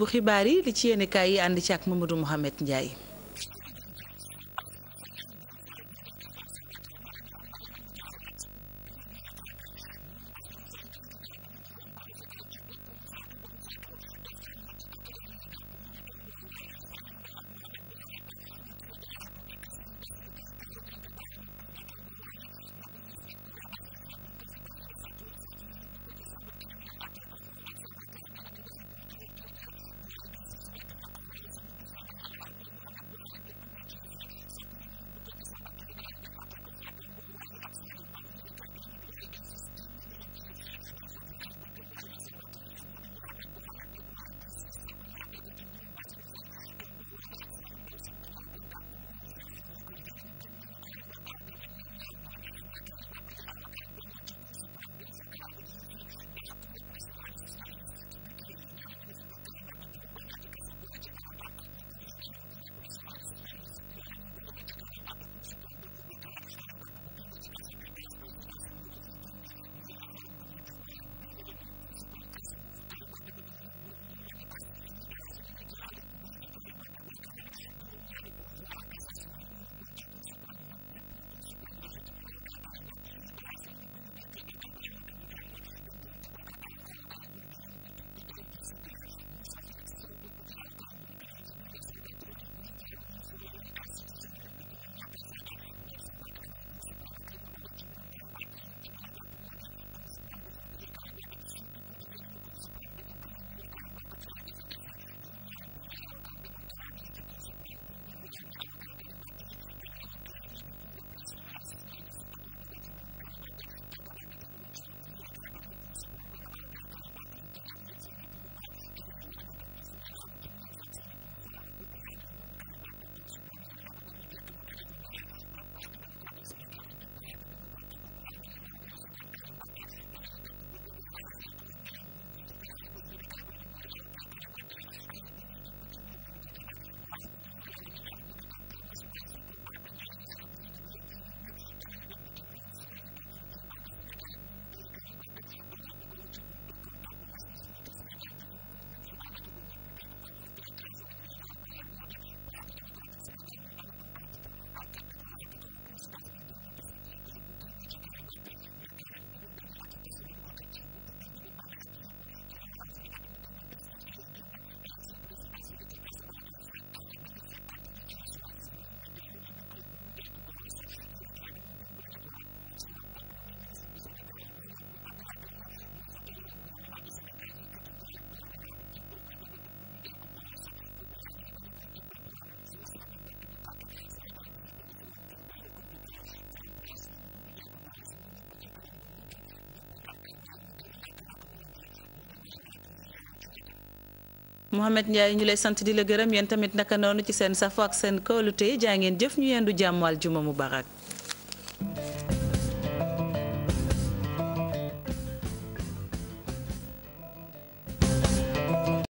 bu xibaar yi li ci yéenekaay yi ànd ci ak Mamadou Mouhamed Ndiaye. Mouhamed Ndiaye ñu lay sant di la gërëm yéen tamit naka noonu ci seen safo ak seen kóolute jaa ngeen jëf ñu yendu jàmm aljuma barak